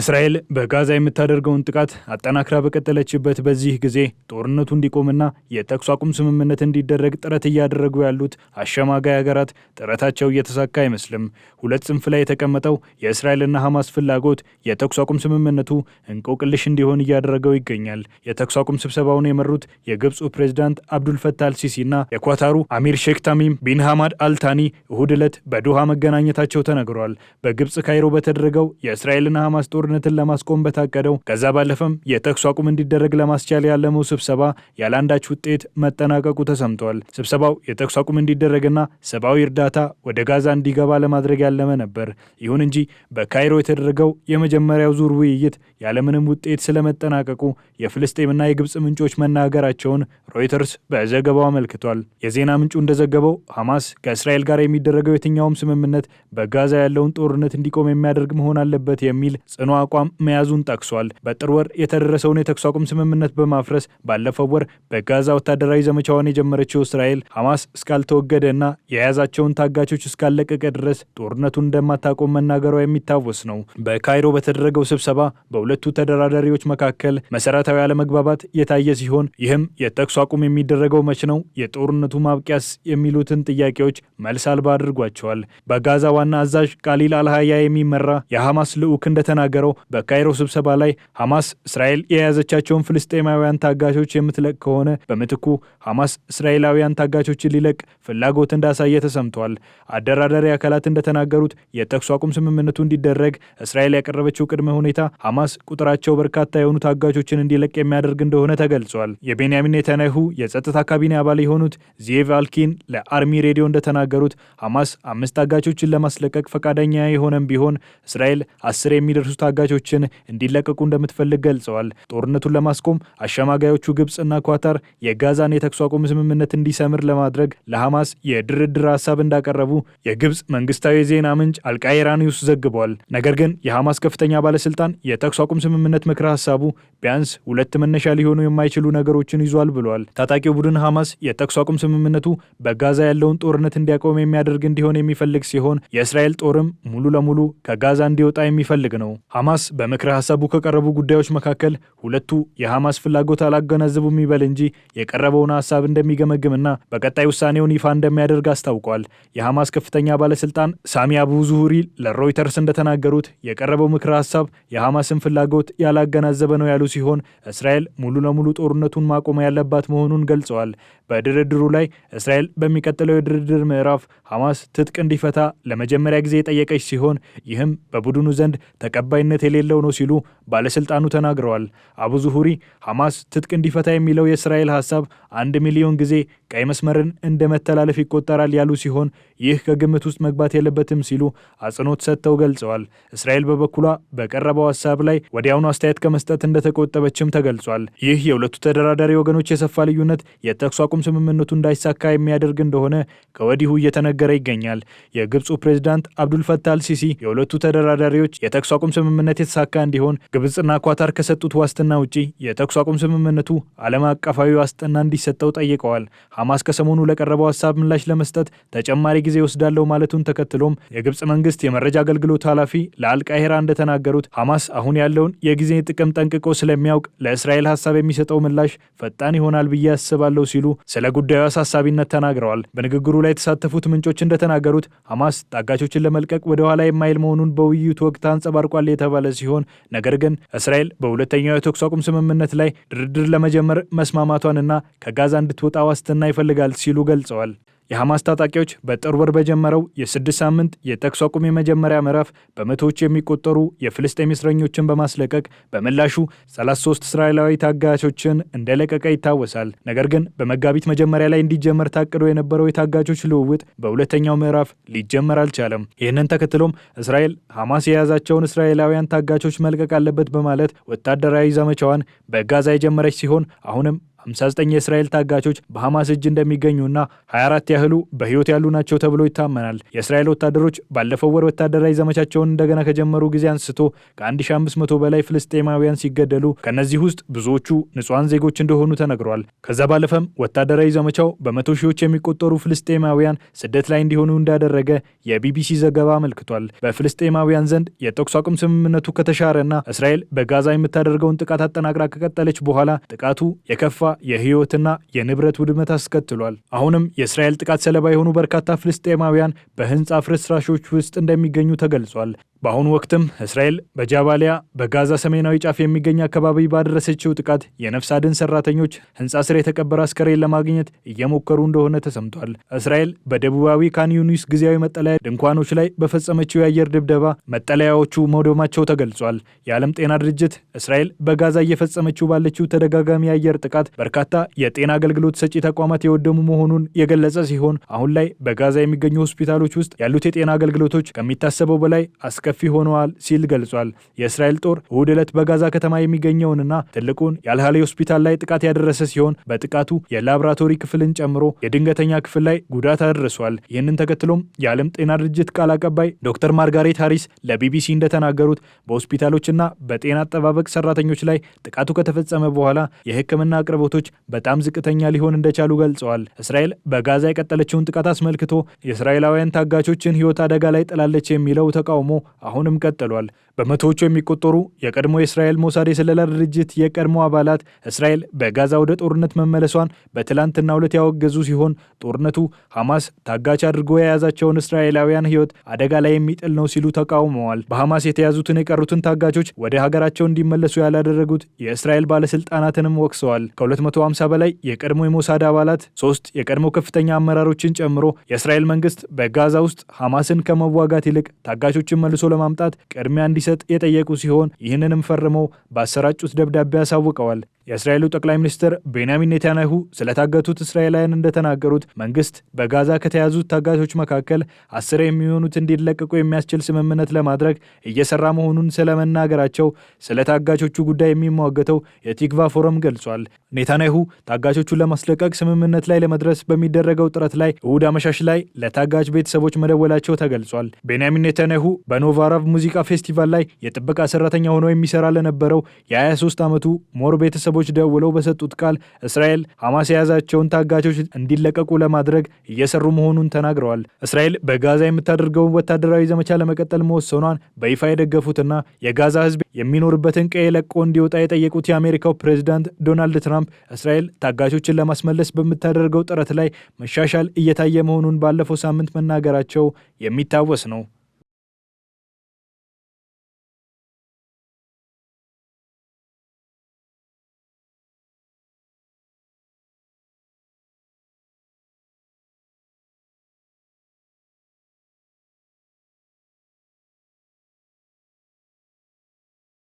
እስራኤል በጋዛ የምታደርገውን ጥቃት አጠናክራ በቀጠለችበት በዚህ ጊዜ ጦርነቱ እንዲቆምና የተኩስ አቁም ስምምነት እንዲደረግ ጥረት እያደረጉ ያሉት አሸማጋይ ሀገራት ጥረታቸው እየተሳካ አይመስልም። ሁለት ጽንፍ ላይ የተቀመጠው የእስራኤልና ሐማስ ፍላጎት የተኩስ አቁም ስምምነቱ እንቆቅልሽ እንዲሆን እያደረገው ይገኛል። የተኩስ አቁም ስብሰባውን የመሩት የግብፁ ፕሬዝዳንት አብዱልፈታ አልሲሲና የኳታሩ አሚር ሼክ ታሚም ቢን ሐማድ አልታኒ እሁድ ዕለት በዶሃ መገናኘታቸው ተነግሯል። በግብፅ ካይሮ በተደረገው የእስራኤልና ሐማስ ጦር ጦርነትን ለማስቆም በታቀደው ከዛ ባለፈም የተኩስ አቁም እንዲደረግ ለማስቻል ያለመው ስብሰባ ያለአንዳች ውጤት መጠናቀቁ ተሰምቷል። ስብሰባው የተኩስ አቁም እንዲደረግና ሰብአዊ እርዳታ ወደ ጋዛ እንዲገባ ለማድረግ ያለመ ነበር። ይሁን እንጂ በካይሮ የተደረገው የመጀመሪያው ዙር ውይይት ያለምንም ውጤት ስለመጠናቀቁ የፍልስጤምና የግብፅ ምንጮች መናገራቸውን ሮይተርስ በዘገባው አመልክቷል። የዜና ምንጩ እንደዘገበው ሐማስ ከእስራኤል ጋር የሚደረገው የትኛውም ስምምነት በጋዛ ያለውን ጦርነት እንዲቆም የሚያደርግ መሆን አለበት የሚል ጽኑ ጽኑ አቋም መያዙን ጠቅሷል። በጥር ወር የተደረሰውን የተኩስ አቁም ስምምነት በማፍረስ ባለፈው ወር በጋዛ ወታደራዊ ዘመቻዋን የጀመረችው እስራኤል ሐማስ እስካልተወገደና የያዛቸውን ታጋቾች እስካለቀቀ ድረስ ጦርነቱን እንደማታቆም መናገሯ የሚታወስ ነው። በካይሮ በተደረገው ስብሰባ በሁለቱ ተደራዳሪዎች መካከል መሰረታዊ አለመግባባት የታየ ሲሆን ይህም የተኩስ አቁም የሚደረገው መች ነው፣ የጦርነቱ ማብቂያስ የሚሉትን ጥያቄዎች መልስ አልባ አድርጓቸዋል። በጋዛ ዋና አዛዥ ቃሊል አልሃያ የሚመራ የሐማስ ልዑክ እንደተናገረ የተናገረው በካይሮ ስብሰባ ላይ ሐማስ እስራኤል የያዘቻቸውን ፍልስጤማውያን ታጋቾች የምትለቅ ከሆነ በምትኩ ሐማስ እስራኤላውያን ታጋቾችን ሊለቅ ፍላጎት እንዳሳየ ተሰምቷል። አደራዳሪ አካላት እንደተናገሩት የተኩስ አቁም ስምምነቱ እንዲደረግ እስራኤል ያቀረበችው ቅድመ ሁኔታ ሐማስ ቁጥራቸው በርካታ የሆኑ ታጋቾችን እንዲለቅ የሚያደርግ እንደሆነ ተገልጿል። የቤንያሚን ኔታንያሁ የጸጥታ ካቢኔ አባል የሆኑት ዚቭ አልኪን ለአርሚ ሬዲዮ እንደተናገሩት ሐማስ አምስት ታጋቾችን ለማስለቀቅ ፈቃደኛ የሆነም ቢሆን እስራኤል አስር የሚደርሱት ታጋቾችን እንዲለቀቁ እንደምትፈልግ ገልጸዋል። ጦርነቱን ለማስቆም አሸማጋዮቹ ግብፅና ኳታር የጋዛን የተኩስ አቁም ስምምነት እንዲሰምር ለማድረግ ለሐማስ የድርድር ሀሳብ እንዳቀረቡ የግብፅ መንግስታዊ የዜና ምንጭ አልቃይራ ኒውስ ዘግቧል። ነገር ግን የሐማስ ከፍተኛ ባለስልጣን የተኩስ አቁም ስምምነት ምክረ ሀሳቡ ቢያንስ ሁለት መነሻ ሊሆኑ የማይችሉ ነገሮችን ይዟል ብሏል። ታጣቂው ቡድን ሐማስ የተኩስ አቁም ስምምነቱ በጋዛ ያለውን ጦርነት እንዲያቆም የሚያደርግ እንዲሆን የሚፈልግ ሲሆን የእስራኤል ጦርም ሙሉ ለሙሉ ከጋዛ እንዲወጣ የሚፈልግ ነው። ሐማስ በምክረ ሐሳቡ ከቀረቡ ጉዳዮች መካከል ሁለቱ የሐማስ ፍላጎት አላገናዘቡም ይበል እንጂ የቀረበውን ሐሳብ እንደሚገመግምና በቀጣይ ውሳኔውን ይፋ እንደሚያደርግ አስታውቋል። የሐማስ ከፍተኛ ባለስልጣን ሳሚ አቡ ዙሁሪ ለሮይተርስ እንደተናገሩት የቀረበው ምክረ ሐሳብ የሐማስን ፍላጎት ያላገናዘበ ነው ያሉ ሲሆን እስራኤል ሙሉ ለሙሉ ጦርነቱን ማቆም ያለባት መሆኑን ገልጸዋል። በድርድሩ ላይ እስራኤል በሚቀጥለው የድርድር ምዕራፍ ሐማስ ትጥቅ እንዲፈታ ለመጀመሪያ ጊዜ የጠየቀች ሲሆን ይህም በቡድኑ ዘንድ ተቀባይ ተቀባይነት የሌለው ነው ሲሉ ባለሥልጣኑ ተናግረዋል። አቡ ዙሁሪ ሐማስ ትጥቅ እንዲፈታ የሚለው የእስራኤል ሐሳብ አንድ ሚሊዮን ጊዜ ቀይ መስመርን እንደ መተላለፍ ይቆጠራል ያሉ ሲሆን ይህ ከግምት ውስጥ መግባት የለበትም ሲሉ አጽንኦት ሰጥተው ገልጸዋል። እስራኤል በበኩሏ በቀረበው ሀሳብ ላይ ወዲያውኑ አስተያየት ከመስጠት እንደተቆጠበችም ተገልጿል። ይህ የሁለቱ ተደራዳሪ ወገኖች የሰፋ ልዩነት የተኩስ አቁም ስምምነቱ እንዳይሳካ የሚያደርግ እንደሆነ ከወዲሁ እየተነገረ ይገኛል። የግብፁ ፕሬዚዳንት አብዱልፈታህ አልሲሲ የሁለቱ ተደራዳሪዎች የተኩስ አቁም ስምምነት የተሳካ እንዲሆን ግብፅና ኳታር ከሰጡት ዋስትና ውጪ የተኩስ አቁም ስምምነቱ ዓለም አቀፋዊ ዋስትና እንዲሰጠው ጠይቀዋል። ሐማስ ከሰሞኑ ለቀረበው ሀሳብ ምላሽ ለመስጠት ተጨማሪ ጊዜ ይወስዳለው ማለቱን ተከትሎም የግብፅ መንግስት የመረጃ አገልግሎት ኃላፊ ለአልቃሄራ እንደተናገሩት ሐማስ አሁን ያለውን የጊዜ ጥቅም ጠንቅቆ ስለሚያውቅ ለእስራኤል ሀሳብ የሚሰጠው ምላሽ ፈጣን ይሆናል ብዬ አስባለሁ ሲሉ ስለ ጉዳዩ አሳሳቢነት ተናግረዋል። በንግግሩ ላይ የተሳተፉት ምንጮች እንደተናገሩት ሐማስ ታጋቾችን ለመልቀቅ ወደ ኋላ የማይል መሆኑን በውይይቱ ወቅት አንጸባርቋል የተባለ ሲሆን ነገር ግን እስራኤል በሁለተኛው የተኩስ አቁም ስምምነት ላይ ድርድር ለመጀመር መስማማቷንና ከጋዛ እንድትወጣ ዋስትና ይፈልጋል ሲሉ ገልጸዋል። የሐማስ ታጣቂዎች በጥር ወር በጀመረው የስድስት ሳምንት የተኩስ አቁም የመጀመሪያ ምዕራፍ በመቶዎች የሚቆጠሩ የፍልስጤም እስረኞችን በማስለቀቅ በምላሹ 33 እስራኤላዊ ታጋቾችን እንደለቀቀ ይታወሳል። ነገር ግን በመጋቢት መጀመሪያ ላይ እንዲጀመር ታቅዶ የነበረው የታጋቾች ልውውጥ በሁለተኛው ምዕራፍ ሊጀመር አልቻለም። ይህንን ተከትሎም እስራኤል ሐማስ የያዛቸውን እስራኤላውያን ታጋቾች መልቀቅ አለበት በማለት ወታደራዊ ዘመቻዋን በጋዛ የጀመረች ሲሆን አሁንም 59 የእስራኤል ታጋቾች በሐማስ እጅ እንደሚገኙና 24 ያህሉ በሕይወት ያሉ ናቸው ተብሎ ይታመናል። የእስራኤል ወታደሮች ባለፈው ወር ወታደራዊ ዘመቻቸውን እንደገና ከጀመሩ ጊዜ አንስቶ ከ1500 በላይ ፍልስጤማውያን ሲገደሉ ከእነዚህ ውስጥ ብዙዎቹ ንጹሐን ዜጎች እንደሆኑ ተነግሯል። ከዛ ባለፈም ወታደራዊ ዘመቻው በመቶ ሺዎች የሚቆጠሩ ፍልስጤማውያን ስደት ላይ እንዲሆኑ እንዳደረገ የቢቢሲ ዘገባ አመልክቷል። በፍልስጤማውያን ዘንድ የተኩስ አቁም ስምምነቱ ከተሻረና እስራኤል በጋዛ የምታደርገውን ጥቃት አጠናቅራ ከቀጠለች በኋላ ጥቃቱ የከፋ የህይወትና የንብረት ውድመት አስከትሏል። አሁንም የእስራኤል ጥቃት ሰለባ የሆኑ በርካታ ፍልስጤማውያን በህንፃ ፍርስራሾች ውስጥ እንደሚገኙ ተገልጿል። በአሁኑ ወቅትም እስራኤል በጃባሊያ በጋዛ ሰሜናዊ ጫፍ የሚገኝ አካባቢ ባደረሰችው ጥቃት የነፍስ አድን ሰራተኞች ሕንፃ ስር የተቀበረ አስከሬን ለማግኘት እየሞከሩ እንደሆነ ተሰምቷል። እስራኤል በደቡባዊ ካን ዩኒስ ጊዜያዊ መጠለያ ድንኳኖች ላይ በፈጸመችው የአየር ድብደባ መጠለያዎቹ መውደማቸው ተገልጿል። የዓለም ጤና ድርጅት እስራኤል በጋዛ እየፈጸመችው ባለችው ተደጋጋሚ የአየር ጥቃት በርካታ የጤና አገልግሎት ሰጪ ተቋማት የወደሙ መሆኑን የገለጸ ሲሆን አሁን ላይ በጋዛ የሚገኙ ሆስፒታሎች ውስጥ ያሉት የጤና አገልግሎቶች ከሚታሰበው በላይ አስከ አስከፊ ሆነዋል ሲል ገልጿል። የእስራኤል ጦር እሁድ ዕለት በጋዛ ከተማ የሚገኘውንና ትልቁን የአልሃሌ ሆስፒታል ላይ ጥቃት ያደረሰ ሲሆን በጥቃቱ የላብራቶሪ ክፍልን ጨምሮ የድንገተኛ ክፍል ላይ ጉዳት አደርሷል። ይህንን ተከትሎም የዓለም ጤና ድርጅት ቃል አቀባይ ዶክተር ማርጋሬት ሃሪስ ለቢቢሲ እንደተናገሩት በሆስፒታሎችና በጤና አጠባበቅ ሰራተኞች ላይ ጥቃቱ ከተፈጸመ በኋላ የሕክምና አቅርቦቶች በጣም ዝቅተኛ ሊሆን እንደቻሉ ገልጸዋል። እስራኤል በጋዛ የቀጠለችውን ጥቃት አስመልክቶ የእስራኤላውያን ታጋቾችን ሕይወት አደጋ ላይ ጥላለች የሚለው ተቃውሞ አሁንም ቀጥሏል። በመቶዎቹ የሚቆጠሩ የቀድሞ የእስራኤል ሞሳድ የስለላ ድርጅት የቀድሞ አባላት እስራኤል በጋዛ ወደ ጦርነት መመለሷን በትላንትናው ዕለት ያወገዙ ሲሆን ጦርነቱ ሐማስ ታጋች አድርጎ የያዛቸውን እስራኤላውያን ሕይወት አደጋ ላይ የሚጥል ነው ሲሉ ተቃውመዋል። በሐማስ የተያዙትን የቀሩትን ታጋቾች ወደ ሀገራቸው እንዲመለሱ ያላደረጉት የእስራኤል ባለስልጣናትንም ወቅሰዋል። ከ250 በላይ የቀድሞ የሞሳድ አባላት፣ ሶስት የቀድሞ ከፍተኛ አመራሮችን ጨምሮ የእስራኤል መንግስት በጋዛ ውስጥ ሐማስን ከመዋጋት ይልቅ ታጋቾችን መልሶ ለማምጣት ቅድሚያ እንዲሰጥ የጠየቁ ሲሆን ይህንንም ፈርመው ባሰራጩት ደብዳቤ አሳውቀዋል። የእስራኤሉ ጠቅላይ ሚኒስትር ቤንያሚን ኔታንያሁ ስለታገቱት እስራኤላውያን እንደተናገሩት መንግስት በጋዛ ከተያዙት ታጋቾች መካከል አስር የሚሆኑት እንዲለቀቁ የሚያስችል ስምምነት ለማድረግ እየሰራ መሆኑን ስለመናገራቸው ስለ ታጋቾቹ ጉዳይ የሚሟገተው የቲግቫ ፎረም ገልጿል። ኔታንያሁ ታጋቾቹን ለማስለቀቅ ስምምነት ላይ ለመድረስ በሚደረገው ጥረት ላይ እሁድ አመሻሽ ላይ ለታጋች ቤተሰቦች መደወላቸው ተገልጿል። ቤንያሚን ኔታንያሁ በኖቫራቭ ሙዚቃ ፌስቲቫል ላይ የጥበቃ ሰራተኛ ሆኖ የሚሰራ ለነበረው የ23 ዓመቱ ሞር ቤተሰቦች ቤተሰቦች ደውለው በሰጡት ቃል እስራኤል ሐማስ የያዛቸውን ታጋቾች እንዲለቀቁ ለማድረግ እየሰሩ መሆኑን ተናግረዋል። እስራኤል በጋዛ የምታደርገውን ወታደራዊ ዘመቻ ለመቀጠል መወሰኗን በይፋ የደገፉትና የጋዛ ሕዝብ የሚኖርበትን ቀዬ ለቆ እንዲወጣ የጠየቁት የአሜሪካው ፕሬዚዳንት ዶናልድ ትራምፕ እስራኤል ታጋቾችን ለማስመለስ በምታደርገው ጥረት ላይ መሻሻል እየታየ መሆኑን ባለፈው ሳምንት መናገራቸው የሚታወስ ነው።